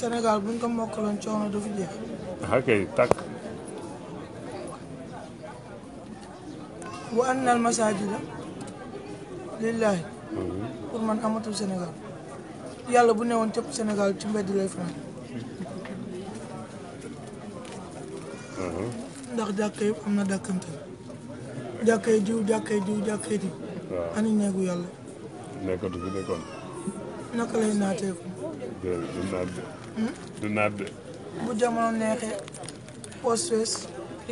Sénégal buñ ko mokkaloon coono du jeex. ok tàkk. wa anna al masajida lillahi mhm. pour man amatul Sénégal. yàlla bu newoon cëpp Sénégal ci mbedd lay fanaan. ndax jàkka yëpp am na dàkkante. jàkka yi jiw jàkka yi jiw jàkka yi jiw. waaw neegu yàlla. nekkatu fi nekkoon. naka lay naateeku. du naat hmm? de. bu jamono neexee poos fees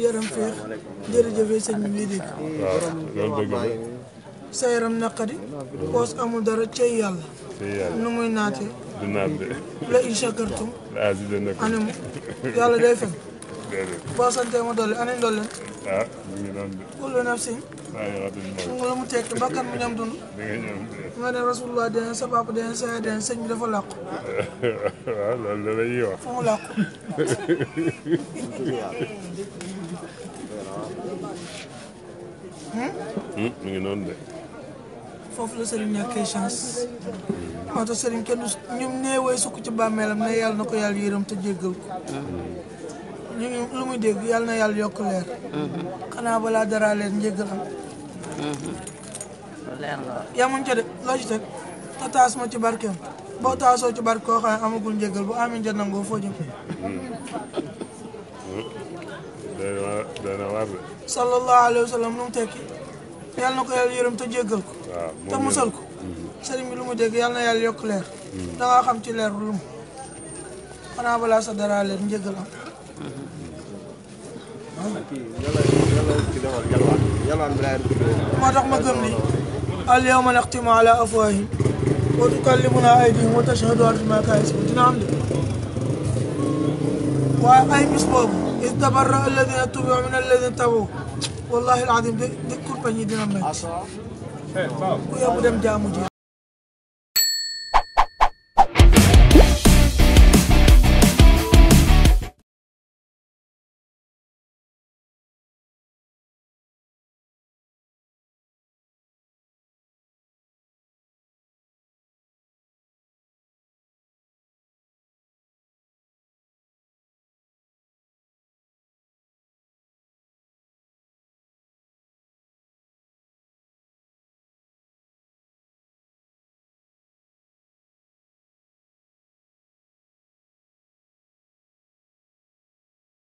yaram feex jërëjëfee sëñ bi sa yaram naqari poos amul dara cey yàlla. nu muy naatee. du naat de. la in shakartum. la asi yàlla day fen. boo santee ma dolli ah mu ngi doon ah, waaw hmm, mu ngi noonu de. foofu la Serigne ñàkkee chance. moo tax Serigne kenn du ñu néewee sukk ci bàmmeelam ne yàlla na ko yàlla yërëm te jéggal ko. Hmm. lu ñu lu muy dégg yàlla na yàlla yokk leer. Mm-hmm. xanaa balaa dara mm-hmm. leer njëggal am. leer la de loo ci teg taas ma ci barkeem boo taasoo ci barke koo bu amin ja nangoo foo jëm. Mm-hmm. dana waar dana waar de. sallallahu yàlla na ko yàlla leer. da ngaa xam ci leer lu mu xanaa balaa dara leer njëggal am. ما اليوم نختم على أفواههم وتكلمنا أيديهم وتشهد أرجما كاسبة نعم وأي مسبوب إذ تبرأ الذين اتبعوا من الذين تبعوا والله العظيم ذكر بني دينا ويا جامو